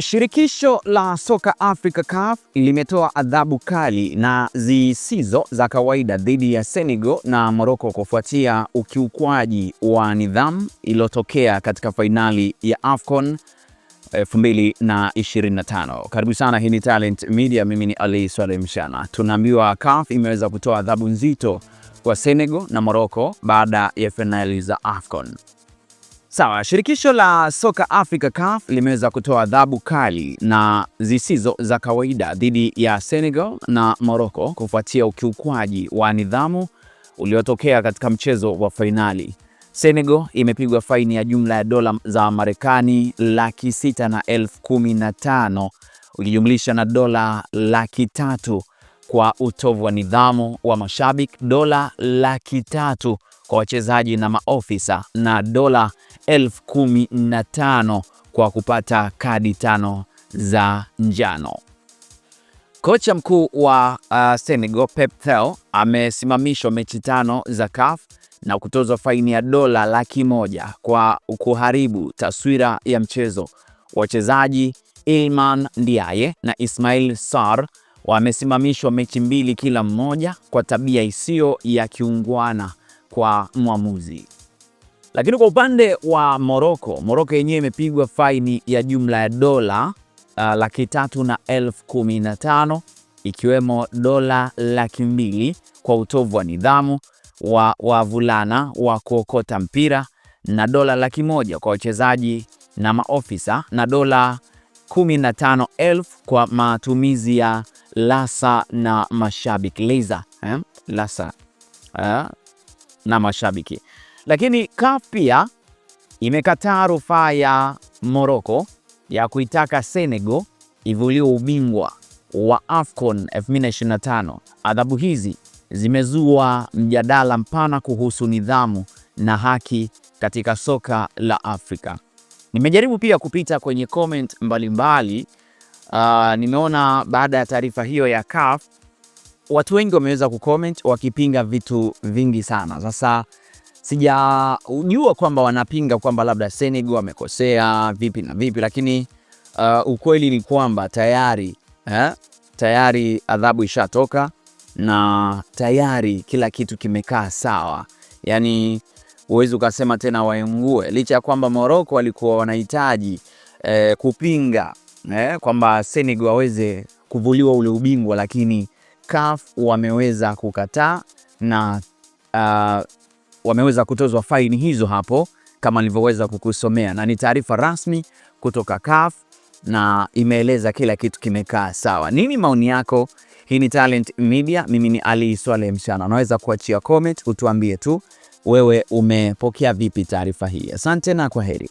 Shirikisho la soka Afrika CAF limetoa adhabu kali na zisizo za kawaida dhidi ya Senegal na Morocco kufuatia ukiukwaji wa nidhamu iliyotokea katika fainali ya AFCON 2025. Karibu sana, hii ni Talent Media, mimi ni Ali Swaleh Mshana. Tunaambiwa CAF imeweza kutoa adhabu nzito kwa Senegal na Morocco baada ya fainali za AFCON. Sawa, shirikisho la soka Africa CAF limeweza kutoa adhabu kali na zisizo za kawaida dhidi ya Senegal na Morocco kufuatia ukiukwaji wa nidhamu uliotokea katika mchezo wa fainali. Senegal imepigwa faini ya jumla ya dola za Marekani laki sita na elfu kumi na tano ukijumlisha na dola laki tatu kwa utovu wa nidhamu wa mashabiki, dola laki tatu kwa wachezaji na maofisa na dola elfu kumi na tano kwa kupata kadi tano za njano. Kocha mkuu wa uh, Senegal Pep Thiaw amesimamishwa mechi tano za CAF na kutozwa faini ya dola laki moja kwa kuharibu taswira ya mchezo. Wachezaji ilman Ndiaye na Ismail sar wamesimamishwa mechi mbili kila mmoja kwa tabia isiyo ya kiungwana kwa mwamuzi. Lakini kwa upande wa Moroko, Moroko yenyewe imepigwa faini ya jumla ya dola uh, laki tatu na elfu kumi na tano ikiwemo dola laki mbili kwa utovu wa nidhamu wa wavulana wa kuokota mpira na dola laki moja kwa wachezaji na maofisa na dola 15,000 kwa matumizi ya lasa na mashabiki laser eh? lasa eh? na mashabiki. Lakini CAF pia imekataa rufaa ya Morocco ya kuitaka Senegal ivuliwe ubingwa wa AFCON 2025. Adhabu hizi zimezua mjadala mpana kuhusu nidhamu na haki katika soka la Afrika. Nimejaribu pia kupita kwenye comment mbalimbali mbali. Uh, nimeona baada ya taarifa hiyo ya CAF watu wengi wameweza kucomment wakipinga vitu vingi sana. Sasa sijajua kwamba wanapinga kwamba labda Senegal wamekosea vipi na vipi, lakini uh, ukweli ni kwamba tayari eh, tayari adhabu ishatoka na tayari kila kitu kimekaa sawa, yani huwezi ukasema tena waengue, licha ya kwamba Morocco walikuwa wanahitaji eh, kupinga eh, kwamba Senegal waweze kuvuliwa ule ubingwa, lakini CAF wameweza kukataa na uh, wameweza kutozwa faini hizo hapo kama nilivyoweza kukusomea, na ni taarifa rasmi kutoka CAF na imeeleza kila kitu kimekaa sawa. Nini maoni yako? Hii ni Talent Media, mimi ni Ali Swale Mshana. Unaweza kuachia comment, utuambie tu wewe umepokea vipi taarifa hii. Asante na kwa heri.